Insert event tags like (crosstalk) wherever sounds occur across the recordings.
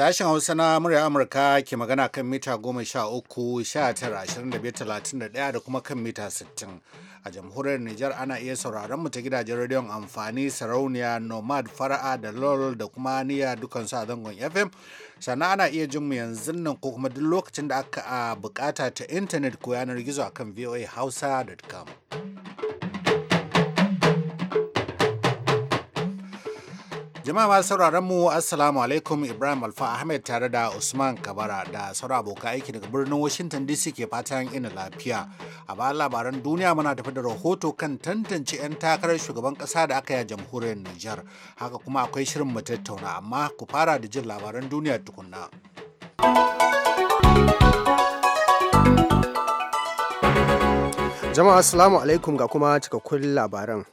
Sashen Hausa na murya Amurka ke magana kan mita goma sha uku, sha da kuma kan mita sittin. A jamhuriyar Nijar ana iya sauraron ta gidajen rediyon amfani sarauniya Nomad Fara'a da LOL da kuma Niyya dukansu a zangon FM. Sannan ana iya jin mu yanzu nan ko kuma duk lokacin da aka bukata ta intanet ko yanar gizo akan voahausa.com. Jama'a sauraron mu Assalamu alaikum Ibrahim Alfa Ahmed tare da Usman Kabara da saura aboka aiki daga birnin Washington DC ke fatan ina lafiya. A bayan labaran duniya muna tafi da rahoto kan tantance 'yan takarar shugaban ƙasa da aka yi a jamhuriyar Nijar. Haka kuma akwai shirin mu tattauna amma ku fara da jin labaran duniya tukunna. Jama'a Assalamu alaikum ga kuma cikakkun labaran.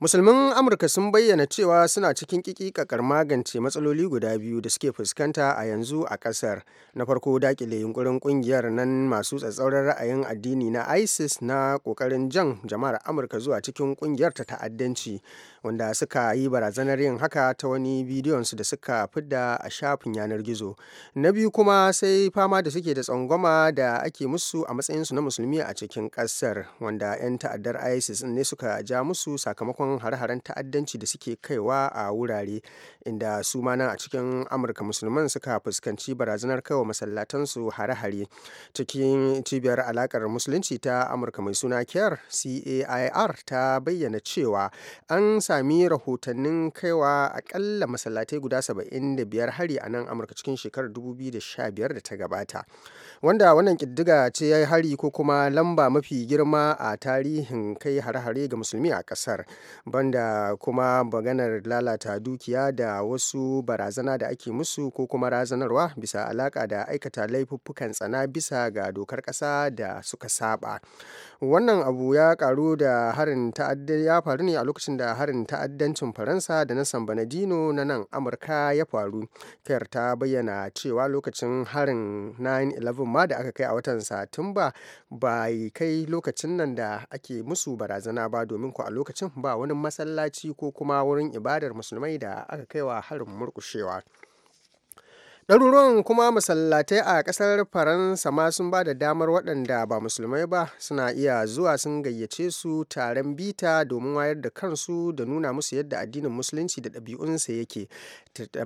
musulmin amurka sun bayyana cewa suna cikin kikikakar magance matsaloli guda biyu da suke fuskanta a yanzu a kasar na farko dakile yunkurin kungiyar nan masu tsatsauran ra'ayin addini na isis na kokarin jan jama'ar amurka zuwa cikin kungiyar ta ta'addanci wanda suka yi barazanar yin haka ta wani bidiyon su da suka fidda a shafin yanar gizo na biyu kuma sai fama da suke da tsangwama da ake musu a matsayinsu na musulmi a cikin kasar wanda 'yan ta'addar isis ne suka ja musu sakamakon sakamakon hare-haren ta'addanci da suke kaiwa a wurare inda su ma nan a cikin amurka musulman suka fuskanci barazanar kaiwa masallatansu hare-hare cikin cibiyar alakar musulunci ta amurka mai suna care cair ta bayyana cewa an sami rahotannin kaiwa akalla masallatai guda 75 hari a nan amurka cikin shekarar 2015 da ta gabata wanda wannan kiddiga ce ya yi hari ko kuma lamba mafi girma a tarihin kai hare-hare ga musulmi a ƙasar banda kuma maganar lalata dukiya da wasu barazana da ake musu ko kuma razanarwa bisa alaka da aikata laifuffukan tsana bisa ga dokar ƙasa da suka saba wannan abu ya karu da harin ta'addar ya faru ne a lokacin da harin ta'addancin faransa da na san banadino na nan amurka ya faru kyar ta bayyana cewa lokacin harin 9-11 ma da aka kai a watan satumba ba kai lokacin nan da ake musu barazana ba domin ku a lokacin ba wani masallaci ko kuma wurin ibadar musulmai da aka kaiwa harin murkushewa ɗaruruwan kuma masallatai a ƙasar faransa ma sun ba da damar waɗanda ba musulmai ba suna iya zuwa sun gayyace su taron bita domin wayar da kansu da nuna musu yadda addinin musulunci da ɗabi'unsa yake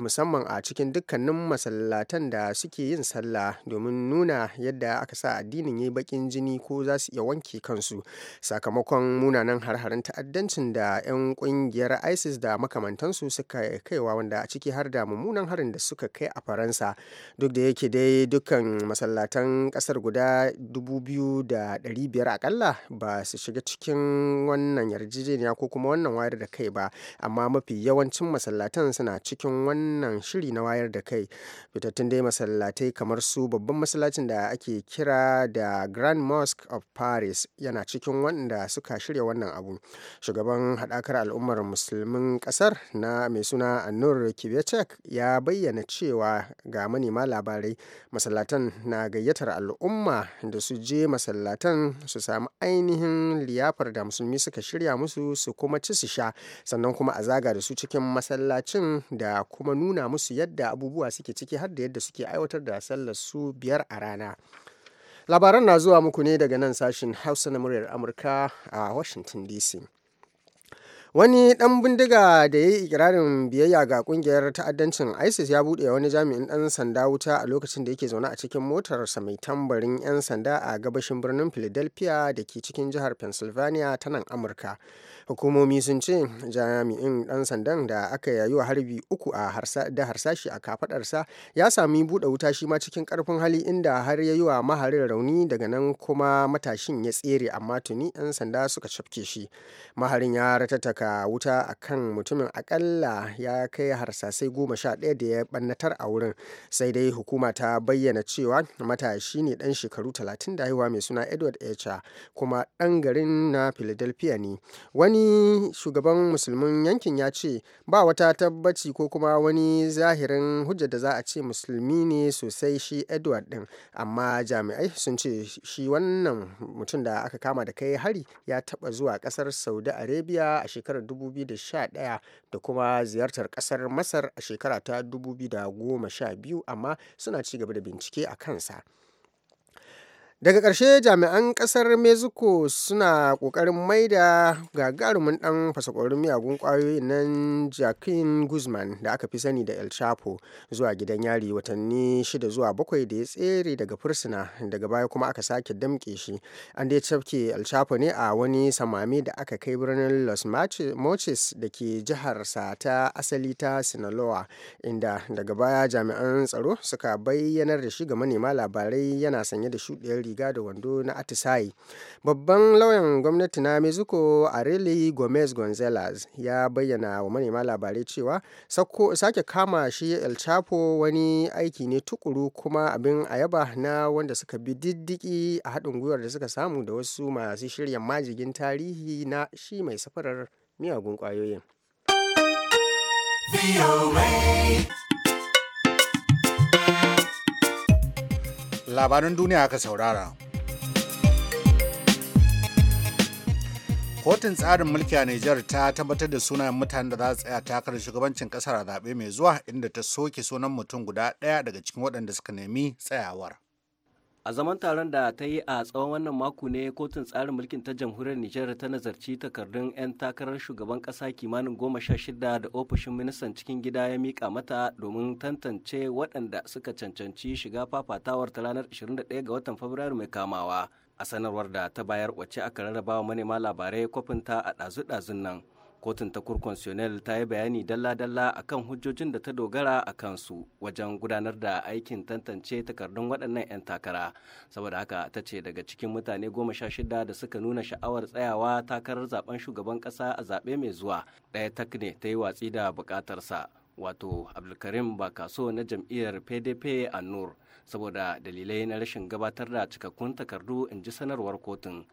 musamman a cikin dukkanin masallatan da suke yin sallah domin nuna yadda aka sa addinin ya yi baƙin jini ko za su iya wanke kansu sakamakon munanan harharin ta'addancin da 'yan ƙungiyar isis da makamantansu suka kaiwa wanda a ciki har da mummunan harin da suka kai a faransa faransa duk da yake dai dukkan masallatan kasar guda 2,500 akalla ba su shiga cikin wannan yarjejeniya ko kuma wannan wayar da kai ba amma mafi yawancin masallatan suna cikin wannan shiri na wayar da kai fitattun dai masallatai kamar su babban masallacin da ake kira da grand mosque of paris yana cikin wanda suka shirya wannan abu shugaban haɗakar al'ummar musulmin ƙasar na mai suna anur kibetek ya bayyana cewa ga manema labarai masallatan na gayyatar al'umma da su je masallatan su samu ainihin liyafar da musulmi suka shirya musu su kuma ci su sha sannan kuma a zaga da su cikin masallacin da kuma nuna musu yadda abubuwa suke ciki har da yadda suke aiwatar da sallar su biyar a rana labaran na zuwa muku ne daga nan sashen hausa na muryar amurka a washington dc Wani dan bindiga da ya yi ikirarin biyayya ga kungiyar ta'addancin ISIS ya buɗe wani jami'in dan sanda wuta a lokacin da yake zaune a cikin motarsa mai tambarin 'yan sanda a gabashin birnin Philadelphia da ke cikin jihar Pennsylvania ta nan Amurka. hukumomi sun ce jami'in dan sandan da aka yayi wa harbi uku a da harsashi a kafadarsa ya sami buɗe wuta shi ma cikin karfin hali inda har yayi wa maharin rauni daga nan kuma matashin ya tsere amma tuni yan sanda suka cafke shi maharin ya ratattaka wuta akan mutumin akalla ya kai harsasai goma sha ɗaya da ya bannatar a wurin sai dai hukuma ta bayyana cewa matashi ne dan shekaru talatin da haihuwa mai suna edward echa kuma ɗan garin na philadelphia ne wani wani shugaban musulmin yankin ya ce ba wata tabbaci ko kuma wani zahirin hujja da za a ce musulmi ne sosai shi edward din amma jami'ai sun ce shi wannan mutum da aka kama da kai hari ya taba zuwa kasar saudi arabia a shekarar 2011 da kuma ziyartar kasar masar a shekara ta 2012 amma suna ci gaba da bincike a kansa daga ƙarshe jami'an ƙasar mexico suna ƙoƙarin da gagarumin ɗan fasakorin miyagun ƙwayoyin nan jacqueline guzman da aka fi sani da el chapo zuwa gidan yari watanni shida zuwa bakwai da ya tsere daga fursuna daga baya kuma aka sake damƙe shi an dai cafke el chapo ne a wani samami da aka kai birnin los moches da ke jiharsa ta asali ta sinaloa inda daga baya jami'an tsaro suka bayyanar da shi ga manema labarai yana sanye da shuɗiyar riga da wando na atisaye babban lauyan gwamnati na mexico areli gomez gonzalez ya bayyana wa manema labarai cewa sake kama shi el chapo wani aiki ne tukuru kuma abin ayaba na wanda suka bi diddiki a haɗin gwiwar da suka samu da wasu masu shirya majigin tarihi na shi mai safarar miyagun ƙwayoyin. labaran duniya aka saurara. Kotun tsarin mulki a Nijar ta tabbatar da sunayen mutanen da za su tsaya takarar shugabancin kasar a zaɓe mai zuwa inda ta soke sunan mutum guda ɗaya daga cikin waɗanda suka nemi tsayawar. a zaman taron da ta yi a tsawon wannan mako ne kotun tsarin mulkin ta jamhuriyar nijar ta nazarci takardun 'yan takarar shugaban kasa kimanin goma sha shida da ofishin ministan cikin gida ya mika mata domin tantance waɗanda suka cancanci shiga fafatawar ta ranar 21 ga watan fabrairu mai kamawa a sanarwar da ta bayar wacce aka rarrabawa manema labarai kwafinta a ɗazu-ɗazun nan kotun ta constitutionnel ta yi bayani dalla-dalla akan hujjojin da ta dogara a kansu wajen gudanar da aikin tantance takardun waɗannan 'yan takara saboda haka ta ce daga cikin mutane goma sha shida da suka nuna sha'awar tsayawa takarar zaben shugaban ƙasa a zaɓe mai zuwa ɗaya tak ne ta yi watsi da buƙatarsa wato abdulkarim ba so na jam'iyyar pdp a nur saboda dalilai na rashin gabatar da cikakkun takardu in ji sanarwar kotun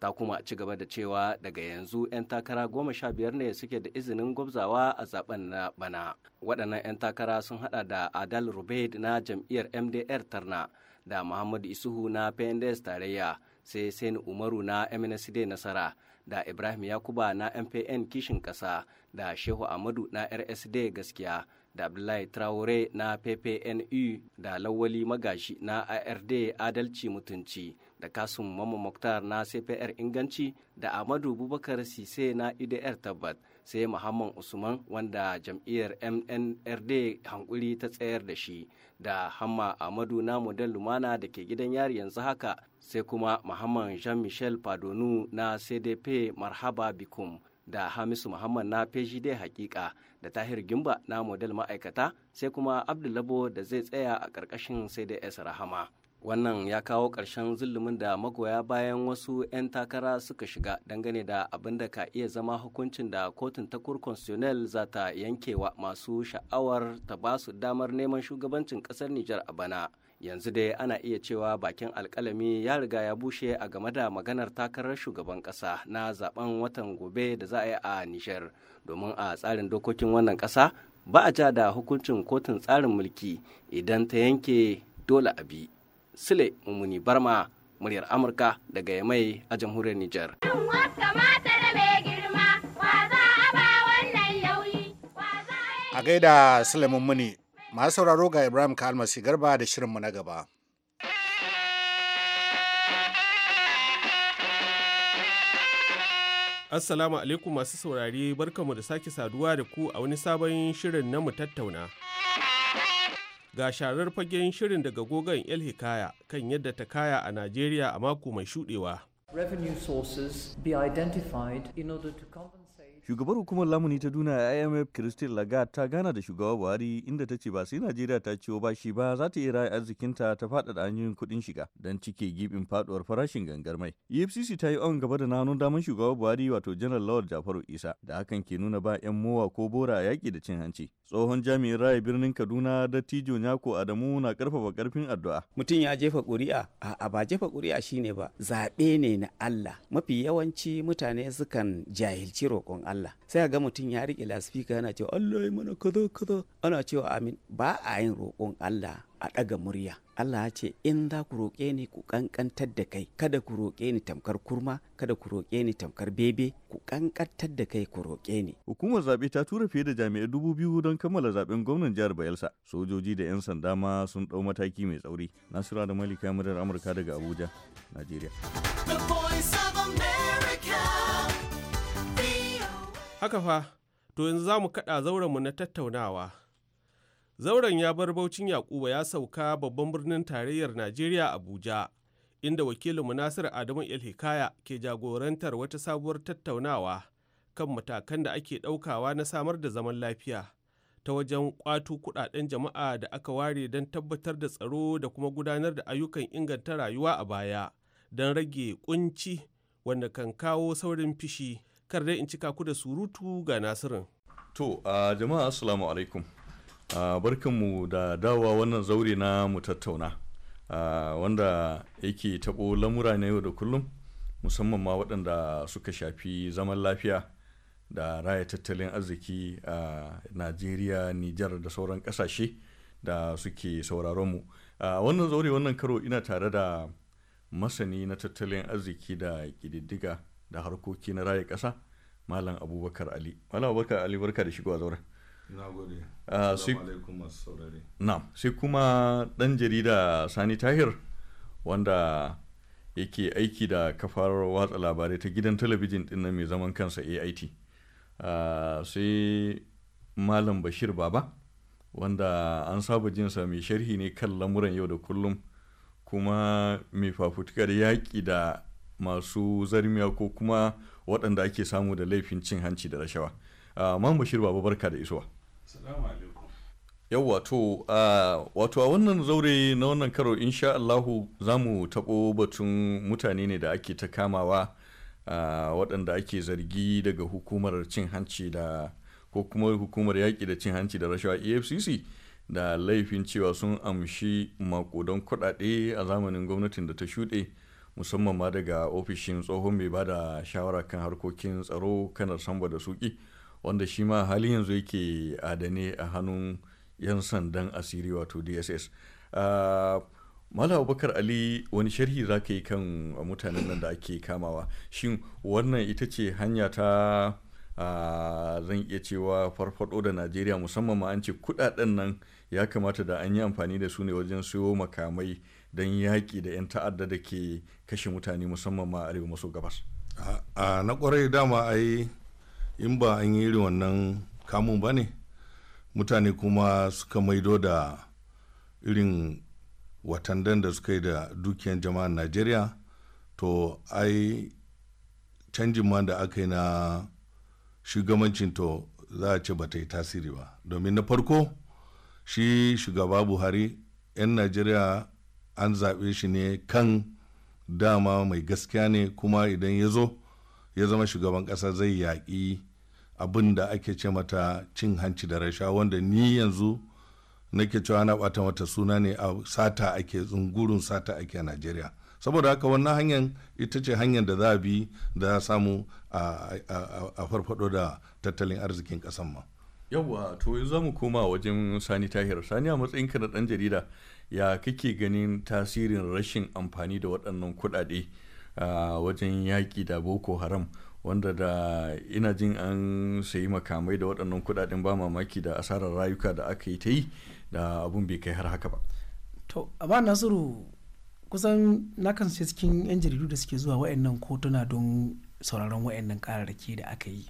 ta kuma ci gaba da cewa daga yanzu 'yan takara goma sha biyar ne suke da izinin gwabzawa a zaben na bana waɗannan 'yan takara sun hada da adal rubaid na jam'iyyar mdr tarna da muhammadu isuhu na pnds tarayya sai sani umaru na mnsd nasara da ibrahim yakuba na mpn kishin ƙasa da shehu amadu na rsd gaskiya da abdullahi traore na ppnu da lawali magashi na ard adalci mutunci da kasum mamma muktar na cpr inganci da amadu bubakar sise na idr tabbat sai muhammad usman wanda jam'iyyar mnrd hankuri ta tsayar da shi da hamma amadu na model lumana da ke gidan yari yanzu haka sai kuma muhammad jean-michel padonu na cdp marhaba bikum da hamisu muhammad na feshi dai hakika da tahir gimba na model ma'aikata sai kuma abdullabo da zai tsaya a ƙarƙashin sai dai rahama wannan ya kawo ƙarshen zulumin da magoya bayan wasu 'yan takara suka shiga dangane da abin da ka iya zama hukuncin da kotun ta constitutional za ta yankewa masu sha'awar ta ba su damar neman shugabancin ƙasar nijar a bana yanzu dai ana iya cewa bakin alkalami ya riga ya bushe a game da maganar takarar shugaban ƙasa na zaben watan gobe da za a yi a nijar domin a tsarin dokokin wannan ƙasa ba a ja da hukuncin kotun tsarin mulki idan ta yanke dole a bi Sule Mumuni Barma, muryar Amurka daga Yamai a jamhuriyar Nijar. A gaida Sile Mumuni, masu sauraro ga Ibrahim almasi Garba da shirinmu na gaba. Assalamu alaikum masu saurari barkamu da sake saduwa da ku a wani sabon shirin na mu tattauna. ga sharar fagen shirin daga gogon el hikaya kan yadda ta kaya a najeriya a mako mai shudewa revenue sources be identified in order to compensate Shugabar hukumar lamuni ta duna IMF Christine Lagarde ta gana da shugaba Buhari inda ta ce ba sai Najeriya ta ciwo ba shi ba za ta iya raya arzikinta ta faɗaɗa hanyoyin kuɗin shiga don cike gibin faduwar farashin gangar mai. EFCC ta yi awon gaba da nanon daman shugaba Buhari wato Janar Lawal Jafaru Isa da hakan ke nuna ba 'yan mowa ko bora yaƙi da cin hanci. Tsohon jami'in raya birnin Kaduna Dattijo Nyako Adamu na karfafa karfin addu'a. Mutum ya jefa ƙuri'a? A'a ba jefa ƙuri'a shine ba zaɓe ne na Allah. Mafi yawanci mutane sukan jahilci roƙon Allah. Allah sai ga mutum ya rike laspika yana cewa Allah ya mana kaza kaza ana cewa amin ba a yin roƙon Allah a ɗaga murya Allah ya ce in za ku roƙe ni ku ƙanƙantar da kai kada ku roƙe ni tamkar kurma kada ku roƙe ni tamkar bebe ku ƙanƙantar da kai ku roƙe ni. Hukumar zaɓe ta tura fiye da jami'ai dubu biyu don kammala zaɓen gwamnan jihar Bayelsa sojoji da 'yan sanda ma sun ɗau mataki mai tsauri. Nasura da Malika Murar Amurka daga Abuja, Najeriya. The Haka fa, to yanzu za mu kaɗa zauren mu na tattaunawa. Zauren ya bar Baucin Yakuba ya sauka babban birnin tarayyar Najeriya Abuja, inda wakilinmu nasir Adamu Hikaya ke jagorantar wata sabuwar tattaunawa kan matakan da ake ɗaukawa na samar da zaman lafiya ta wajen ƙwato kuɗaɗen jama'a da aka ware don tabbatar da tsaro da kuma gudanar da ayyukan inganta rayuwa a baya don rage kunci wanda kan kawo saurin fishi. kar dai in cika ku da surutu ga nasirin to a jama'a assalamu alaikum barkanmu da dawa wannan zaure na mu tattauna wanda yake taɓo lamura na yau da kullum musamman ma waɗanda suka shafi zaman lafiya da raya tattalin arziki a najeriya nijar da sauran ƙasashe da suke sauraron mu a wannan zaure wannan karo ina tare da masani na tattalin arziki da ƙididdiga da harkoki na raya ƙasa malam abubakar ali malam abubakar ali barka da shigo a zauren na ah, sai kuma ɗan jarida sani tahir wanda yake aiki da kafar watsa labarai ta gidan talabijin ɗin mai zaman kansa ait ah, sai malam bashir baba wanda an saba jinsa mai sharhi ne kan lamuran yau da kullum kuma mai fafutukar yaƙi da masu zarmiya ko kuma waɗanda ake samu da laifin cin hanci da rashawa ah, man bashir baba barka da isowa yau wato wato a wannan zaure na wannan karo insha Allahu za mu taɓo batun mutane ne da ake ta kamawa ah, waɗanda ake zargi daga hukumar cin hanci da ko kuma hukumar yaƙi da cin hanci da rashawa efcc da laifin cewa sun amshi makudan kuɗaɗe a zamanin gwamnatin da ta shuɗe musamman ma daga ofishin tsohon mai bada shawara kan harkokin tsaro kanar samba da suki wanda shi ma halin yanzu yake adane a hannun 'yan sandan asiri wato dss ah, mala abubakar ali wani sharhi za ka yi kan mutanen nan da ake kamawa shin wannan ita ce hanya ta ah, zan iya cewa farfado da najeriya musamman ma an ce kudaden nan ya kamata da an yi amfani da su ne wajen siyo makamai don yaƙi da 'yan ta'adda da ke kashe mutane musamman ma arewa maso gabas ah, a na kwarai dama ai in ba an yi irin wannan kamun ba ne mutane kuma suka maido da irin watandan da suka yi da dukiyan jama'an najeriya to ai canjin ma da aka yi na shugabancin to za a ce ba ta yi tasiri ba domin na farko shi shugaba buhari 'yan najeriya an zaɓe shi ne kan dama mai gaskiya ne kuma idan ya zo ya zama shugaban ƙasa zai yaƙi abin da ake ce mata cin hanci da rasha wanda ni yanzu nake cewa ana ɓata mata suna ne a sata ake tsungurun sata ake a najeriya saboda haka wannan hanyar ita ce hanyar da za a bi da za samu a farfado da tattalin arzikin ƙasan ma yawwa to yanzu za mu koma wajen sani tahir sani a matsayinka na ɗan jarida ya kake ganin tasirin rashin amfani da waɗannan kuɗaɗe wajen yaƙi da boko haram wanda da ina jin an sayi makamai da waɗannan kuɗaɗen ba mamaki da asarar rayuka da aka yi ta yi da abun bai kai har haka ba to ba nasiru kusan na kan sai cikin yan jaridu da suke zuwa wa'annan kotuna don sauraron wa'annan kararraki da aka yi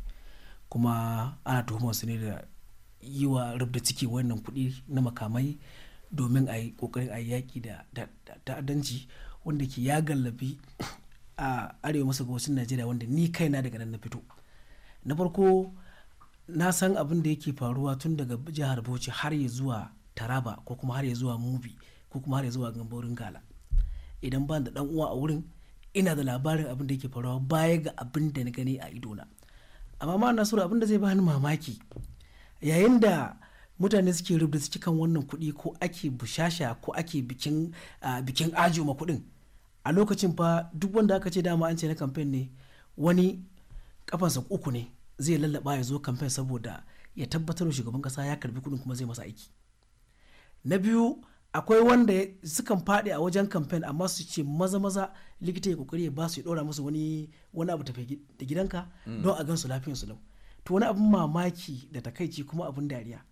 kuma ana tuhumar su ne da yi wa rubda ciki wannan kuɗi na makamai domin a yi kokarin a yi yaƙi da ta'addanci wanda ke ya gallabi a arewa masa gabashin najeriya wanda ni kai na daga nan na fito na farko na san abin da yake faruwa tun daga jihar bauchi har ya zuwa taraba ko kuma har ya zuwa mubi ko kuma har ya zuwa gambarin gala idan ban da dan uwa a wurin ina da labarin abin da yake faruwa baya ga abin da na gani a idona amma ma nasiru abin da zai bani mamaki yayin da mutane suke rubuta su cikan wannan kuɗi ko ake bushasha ko ake bikin bikin ma kuɗin a lokacin fa duk wanda aka ce dama an ce na kamfen ne wani kafansa uku ne zai lallaba ya zo kamfen saboda ya tabbatar da shugaban kasa ya karbi kuɗin kuma zai masa aiki na biyu akwai wanda sukan faɗi a wajen kamfen amma su ce maza maza likita ya kokari ya basu su ya ɗora musu wani wani abu tafi da gidanka mm. don a gan su lafiyar su lau to wani abin mamaki da takaici kuma abin dariya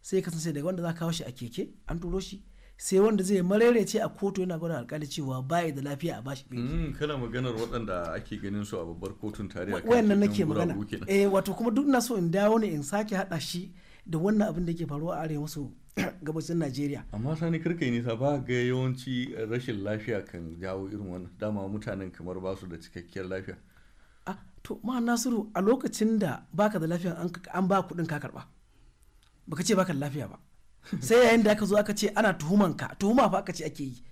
sai kasance daga wanda za kawo shi a keke an turo shi sai wanda zai mararece a kotu yana gwada alkali cewa baya da lafiya a bashi mm, kana maganar waɗanda ake ganin su a babbar kotun tarihi kan wayannan nake magana eh wato kuma duk na so in dawo ne in sake hada shi da wannan abin da ke faruwa a arewa maso (clears throat) gabashin Najeriya. Amma sani karka yi nisa ba ga yawanci rashin lafiya kan jawo irin wannan dama mutanen kamar basu da cikakkiyar lafiya. Ah, to ma Nasiru a lokacin da baka da lafiya an ba kuɗin ka karba. baka ce baka lafiya ba sai yayin da aka zo aka ce ana tuhuman ka tuhuma fa aka ce ake yi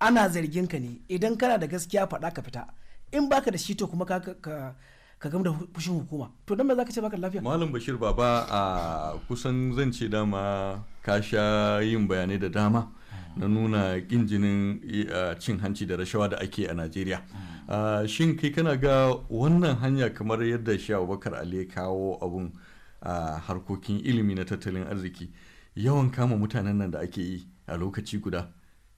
ana zargin ka ne idan kana da gaskiya faɗa ka fita in baka da shi to kuma ka ka gama da fushin hukuma to dan me zaka ce baka lafiya malam bashir baba a kusan zan ce dama ka sha yin bayanai da dama na nuna kin jinin cin hanci da rashawa da ake a Najeriya. Shin kai kana ga wannan hanya kamar yadda shi bakar Ali kawo abun a harkokin ilimi na tattalin arziki yawan kama mutanen nan da ake yi a lokaci guda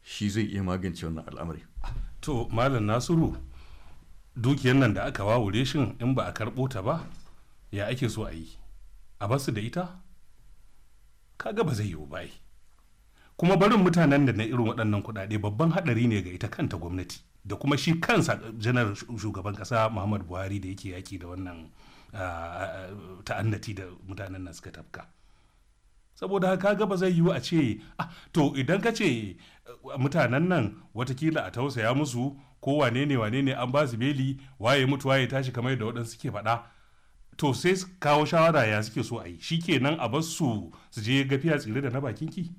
shi zai iya magance wannan al'amari to malam nasiru dukiyar nan da aka wawure shin in ba a karɓo ta ba ya ake so a yi a basu da ita kaga ba zai yiwu bai kuma barin mutanen da na irin waɗannan kuɗaɗe babban haɗari ne ga ita kanta gwamnati da kuma shi kansa janar shugaban ƙasa muhammadu buhari da yake yaki da wannan ta'annati da mutanen nan suka tafka saboda haka ga ba zai yiwu a ce ah, to idan ka ce eh, mutanen nan watakila a tausaya musu ko wane ne wane ne an ba su beli waye mutu waye tashi kamar da waɗansu ke faɗa to sai kawo shawara ya suke so a yi shi nan a bar su su je gafiya tsire da na bakin ki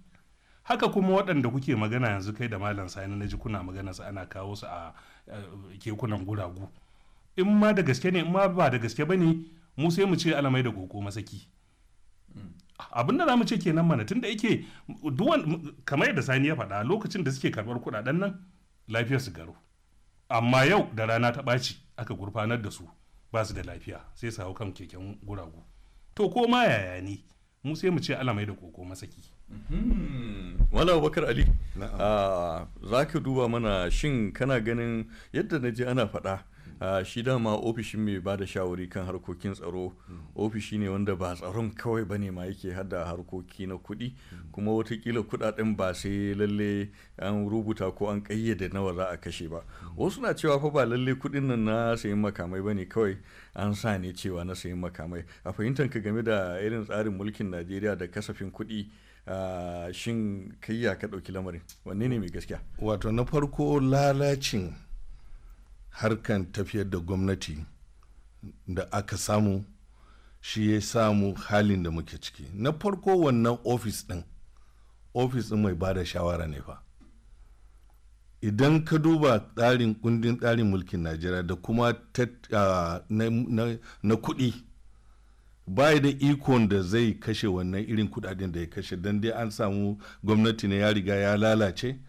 haka kuma waɗanda kuke magana yanzu kai da malam sani na ji kuna magana su ana kawo su a eh, kekunan guragu in ma da gaske ne in ma ba da gaske ba ne mu sai mu ce alamai da koko masaki abin da za mu ce kenan mana tunda yake duwan kamar yadda sani ya faɗa lokacin da suke karɓar kuɗaɗen nan lafiyar su garo amma yau da rana ta ɓaci aka gurfanar da su ba su da lafiya sai su hau kan keken guragu to ko ma yaya ne mu sai mu ce alamai da koko masaki wala hmm. Bakar Ali, ah, za ka duba mana shin kana ganin yadda na ji ana faɗa shi dama ofishin mai ba da shawari kan harkokin tsaro ofishi ne wanda ba tsaron kawai bane ma yake hada harkoki na kuɗi kuma watakila kuɗaɗen ba sai lalle an rubuta ko an kayyade nawa za a kashe ba wasu na cewa fa ba lalle kuɗin nan na sayan makamai bane kawai an sa ne cewa na sayan makamai a fahimtar ka game da irin tsarin mulkin najeriya da kasafin kuɗi shin kayya ka ɗauki lamarin wanne ne mai gaskiya wato na farko lalacin harkan tafiyar da gwamnati da aka samu shi ya samu halin da muke ciki na farko wannan ofis ɗin ofis ɗin mai bada shawara ne fa idan ka duba tsarin kundin tsarin mulkin najeriya da kuma na kudi ba da ikon da zai kashe wannan irin kudaden da ya kashe don dai an samu gwamnati ne ya riga ya lalace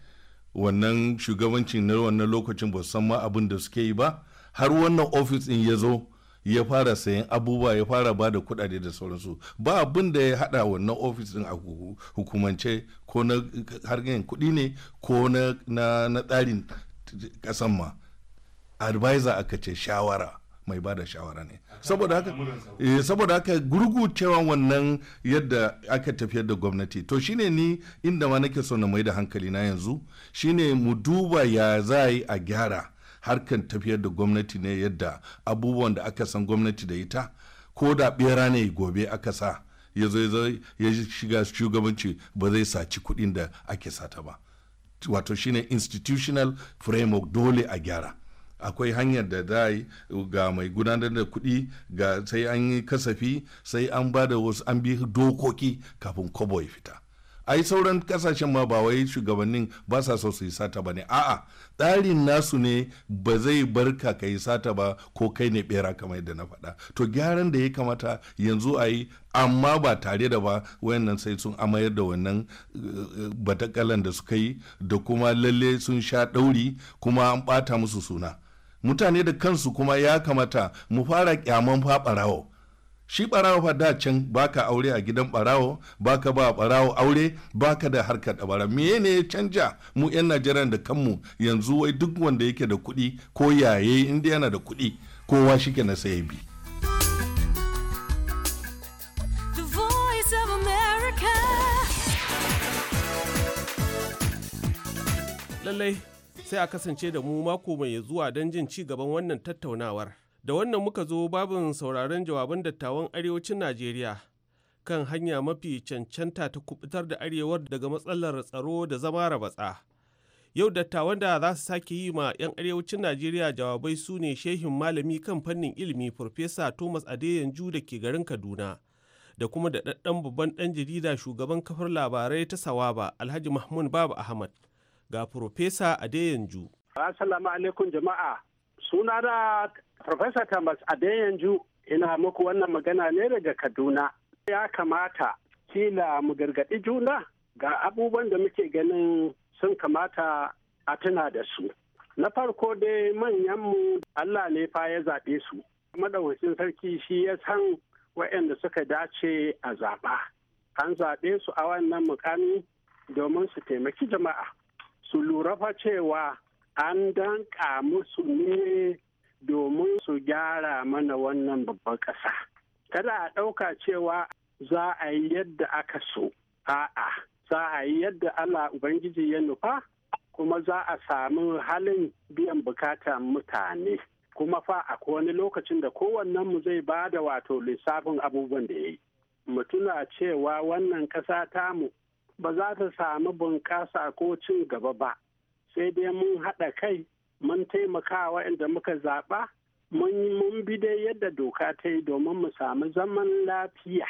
wannan shugabancin na wannan lokacin ba san ma abin da suke yi ba har wannan ofis din ya zo ya fara sayan abubuwa ya fara ba da kuɗaɗe da sauransu ba abin da ya hada wannan ofis din a hukumance ko na hargayin kudi ne ko na tsarin kasan ma advisor aka ce shawara mai bada shawara ne saboda haka eh, saboda haka gurgucewa wannan yadda aka tafiyar da gwamnati to shine ni inda ma nake so na mai da hankali na yanzu shine mu duba ya za yi a gyara harkan tafiyar da gwamnati ne yadda abubuwan da aka san gwamnati da ita ko da bera ne gobe aka sa ya zai shiga shugabanci ba zai saci kuɗin da ake sata ba wato shine institutional framework dole a gyara akwai hanyar da za ga mai gudanar da kuɗi ga sai an yi kasafi sai an ba da wasu an bi dokoki kafin kobo ya fita ai sauran kasashen ma ba wai shugabannin ba sa so su yi sata ba ne a'a tsarin nasu ne ba zai bar ka ka yi sata ba ko kai ne bera kamar da na faɗa to gyaran da ya kamata yanzu a yi amma ba tare da ba wayannan sai sun amayar da wannan eh, eh, batakalan da suka yi da kuma lalle sun sha ɗauri kuma an ɓata musu suna mutane da kansu kuma ya kamata mu fara kyaman fa barawo shi barawo fa da can baka aure a gidan barawo baka ba barawo aure baka da harka dabara me ne ya canja mu yan najeriya da kanmu yanzu wai duk wanda yake da kuɗi ko yaye inda yana da kuɗi kowa shike na sai bi lallai sai a kasance da mu mako mai zuwa don jin ci gaban wannan tattaunawar. Da wannan muka zo babin sauraron jawabin dattawan arewacin Najeriya kan hanya mafi cancanta ta kubutar da arewar daga matsalar tsaro da zama rabatsa. Yau dattawan da za su sake yi ma 'yan arewacin Najeriya jawabai su ne shehin malami kan fannin ilimi Farfesa Thomas Adeyanju da ke garin Kaduna. da kuma da babban ɗan jarida shugaban kafar labarai ta Sawaba Alhaji Mahmud babu Ahmad. ga Profesa Adeyanju. Assalamu alaikum jama'a. suna da Profesa Thomas Adeyanju ina muku wannan magana ne daga Kaduna. Ya kamata kila mu gargaɗi juna ga abubuwan da muke ganin sun kamata a tuna da su. Na farko dai manyan mu. Allah ne fa ya zaɓe su. Madawacin sarki shi ya san waɗanda suka dace a zaɓa. An zaɓe su a wannan mukami domin su taimaki jama'a. su lura fa cewa an danka musu ne domin su gyara mana wannan babban ƙasa. Kada a ɗauka cewa za a yi yadda aka so, a'a, za a yi yadda Allah Ubangiji ya nufa, kuma za a samu halin biyan bukatan mutane. Kuma fa a wani lokacin da mu zai ba da wato lissafin abubuwan da ya yi. Mutuna cewa wannan ƙasa tamu ba za ta samu bunƙasa ko cin gaba ba sai dai mun haɗa kai mun taimaka wa inda muka zaɓa mun bi dai yadda doka ta yi domin mu sami zaman lafiya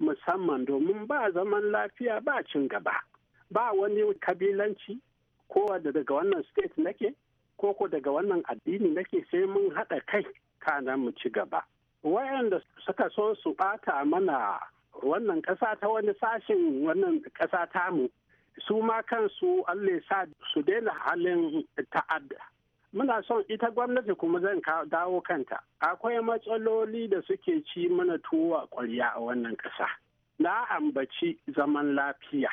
musamman domin ba zaman lafiya ba cin gaba ba wani kabilanci ko daga wannan state nake ko ko daga wannan addini nake sai mun haɗa kai kana mu ci gaba wayanda suka so su ɓata mana wannan ƙasa ta wani sashen wannan ƙasa mu. su ma kansu Allah sa su daina halin ta'adda. Muna son ita gwamnati kuma zan dawo kanta. Akwai matsaloli da suke ci mana tuwo a ƙwarya a wannan ƙasa. Na ambaci zaman lafiya.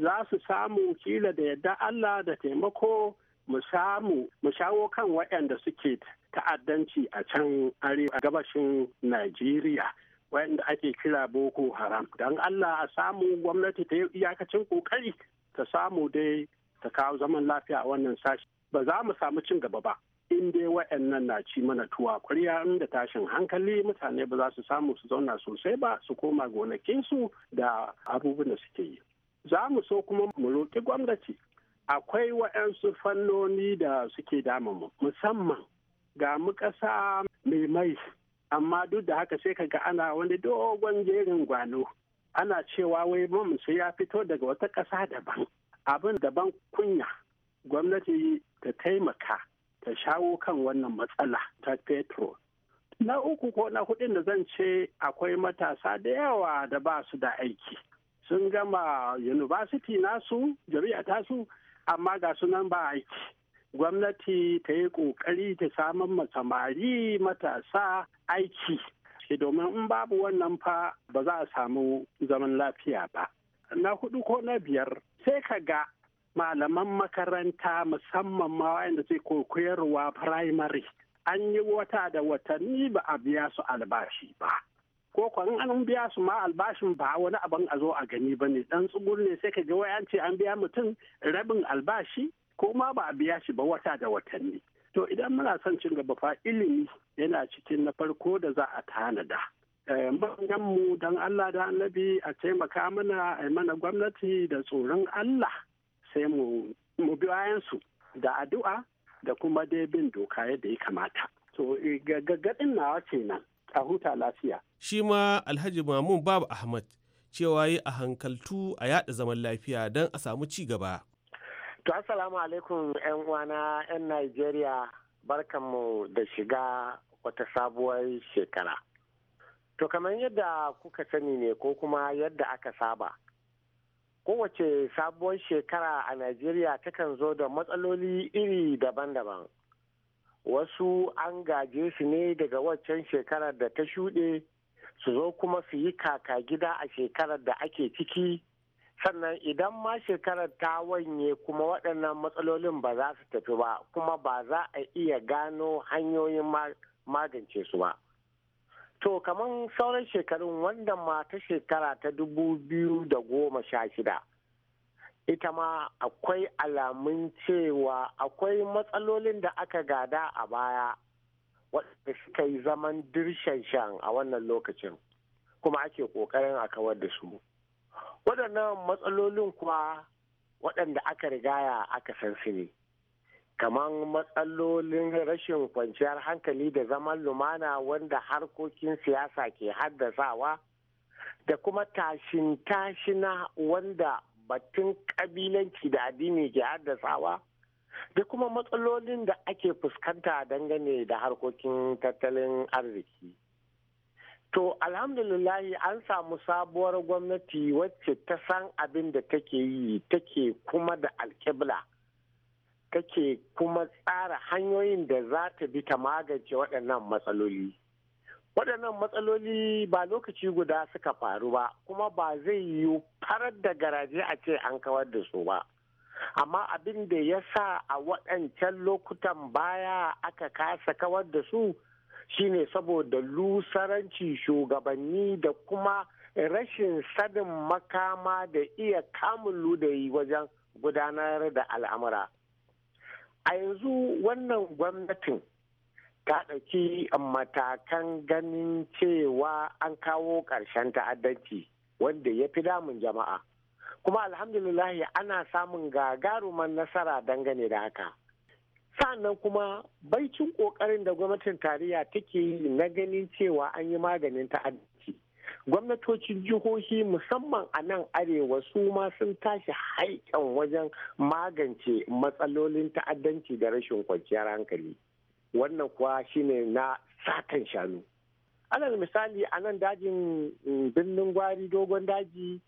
Za su samu kila da yadda Allah da taimako mu samu mu shawo kan waɗanda suke ta'addanci a can arewa gabashin Najeriya. wayanda ake kira boko haram don allah a samu gwamnati ta yi iyakacin kokari ta samu dai ta kawo zaman lafiya a wannan sashi ba za mu samu cin gaba ba in dai wayannan na ci mana tuwa kwarya da tashin hankali mutane ba za su samu su zauna sosai ba su koma gonakinsu da abubuwan da suke yi za mu so kuma mu roƙi gwamnati akwai waɗansu fannoni da suke damu musamman ga mu ƙasa mai mai amma duk da haka sai kaga ana wani dogon jerin gwano ana cewa wai su ya fito daga wata ƙasa daban abin daban kunya gwamnati ta taimaka ta shawo kan wannan matsala ta petro na uku ko na hudun da zan ce akwai matasa da yawa da ba su da aiki sun gama university nasu jari'a tasu amma ga sunan ba aiki gwamnati ta yi ƙoƙari ta samar masamari samari matasa aiki eh, domin in babu wannan fa ba za a samu zaman lafiya ba na hudu ko na biyar sai ka ga malaman makaranta musamman ma wa'anda sai koyarwa firamare an yi wata da watanni ba a biya su albashi ba ko kwan an biya su ma albashin ba wani abin a zo a gani ba ne dan tsugur ne sai ka ga wai ce an biya mutum rabin albashi ko ma ba a biya shi ba wata da watanni to idan muna son cin gaba fa ilimi yana cikin na farko da za a tanada eh, manyan mu don Allah da annabi a taimaka mana a mana gwamnati da tsoron Allah sai mu bi bayansu da addu'a da kuma dai bin doka yadda ya kamata. To eh, gaggadin nawa kenan a huta lafiya. Shi ma Alhaji Mamun Babu Ahmad cewa yi a hankaltu a yada zaman lafiya don a samu ci gaba. To assalamu alaikum 'yan uwana 'yan Najeriya barkanmu da shiga wata sabuwar shekara. To kamar yadda kuka sani ne ko kuma yadda aka saba. Kowace sabuwar shekara a Najeriya takan zo da matsaloli iri daban-daban. Wasu an gaje su ne daga waccan shekarar da ta shuɗe su zo kuma su yi kaka gida a shekarar da ake ciki. sannan idan ma shekarar ta wanye kuma waɗannan matsalolin ba za su tafi ba kuma ba za a iya gano hanyoyin magance su ba to kamar sauran shekarun wanda ma shekara ta dubu biyu da goma sha shida ita ma akwai alamun cewa akwai matsalolin da aka gada a baya wadda suka yi zaman shan a wannan lokacin kuma ake ƙoƙarin a kawar da su waɗannan matsalolin kuwa waɗanda aka rigaya aka san su ne kamar matsalolin rashin kwanciyar hankali da zaman lumana wanda harkokin siyasa ke haddasawa da kuma tashin tashina wanda batun ƙabilanci da addini ke haddasawa da kuma matsalolin da ake fuskanta dangane da harkokin tattalin arziki To alhamdulillahi an samu sabuwar gwamnati wacce ta san abin da take yi take kuma da alkibla take kuma tsara hanyoyin da za ta bi ta magance waɗannan matsaloli. Waɗannan matsaloli ba lokaci guda suka faru ba kuma ba zai yi farar da garaje a ce an kawar da su ba. Amma abin da ya sa a waɗancan lokutan baya aka kasa kawar da su. shine saboda lusaranci shugabanni da kuma rashin sadin makama da iya kamun ludayi wajen gudanar da al'amura a yanzu wannan gwamnatin ta ɗauki matakan ganin cewa an kawo ƙarshen ta'addanci wanda ya fi damun jama'a kuma alhamdulillahi ana samun gagaruman nasara dangane da haka sannan kuma baicin kokarin da gwamnatin tarayya take yi na ganin cewa an yi maganin ta'addanci gwamnatocin jihohi musamman a nan arewa su ma sun tashi haikan wajen magance matsalolin ta'addanci da rashin kwanciyar hankali wannan kuwa shine na satan shanu alal misali a nan dajin mm, birnin gwari dogon daji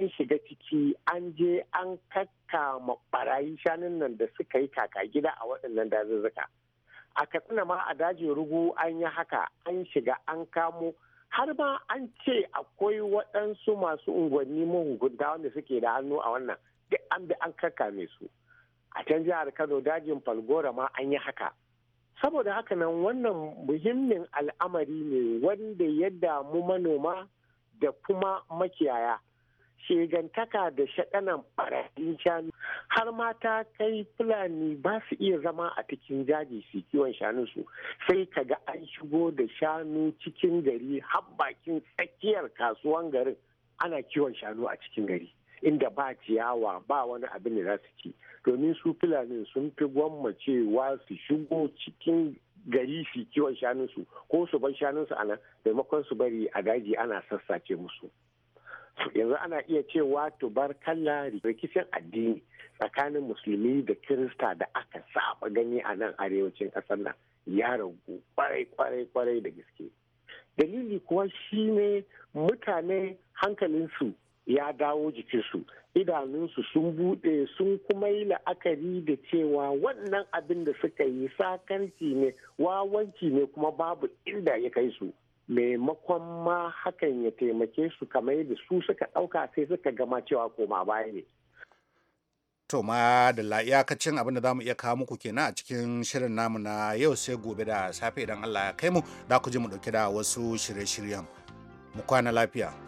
an shiga ciki an je an kakkama barayi shanun nan da suka yi kaka gida a waɗannan dazuzzuka a katsina ma a dajin rugu an yi haka an shiga an kamo har ma an ce akwai waɗansu masu unguwanni mahukunta wanda suke da hannu a wannan duk an bi an mai su a can jihar kano dajin falgora ma an yi haka saboda haka nan wannan muhimmin al'amari ne wanda ya damu manoma da kuma makiyaya shegantaka da shaɗanan ɓarayin shanu har mata kai fulani ba su iya zama a cikin jaji su kiwon shanunsu sai ka ga an shigo da shanu cikin gari har bakin tsakiyar kasuwan garin ana kiwon shanu a cikin gari inda ba ciyawa ba wani abin da za su ci domin su fulani sun fi gwammacewa su shigo cikin gari su kiwon shanunsu ko su bar shanunsu a nan maimakon su bari a daji ana sassace musu. yanzu ana iya cewa tubarkalla rikicin addini tsakanin musulmi da kirista da aka saba gani a nan arewacin ƙasar nan ya ragu kwarai kwarai kwarai da gaske dalili kuwa shine mutane hankalinsu ya dawo jikinsu idanunsu sun bude sun kuma yi la'akari da cewa wannan abin da suka yi sakanci ne wawanci ne kuma babu inda ya kai su maimakon ma hakan ya taimake su kamar yadda su suka ɗauka sai suka gama cewa koma baya ne. To ma da iyakacin abin da zamu iya kawo muku kenan a cikin shirin namu na yau sai gobe da safe idan Allah ya kai mu za ku je mu dauke da wasu shirye-shiryen. Mu kwana lafiya.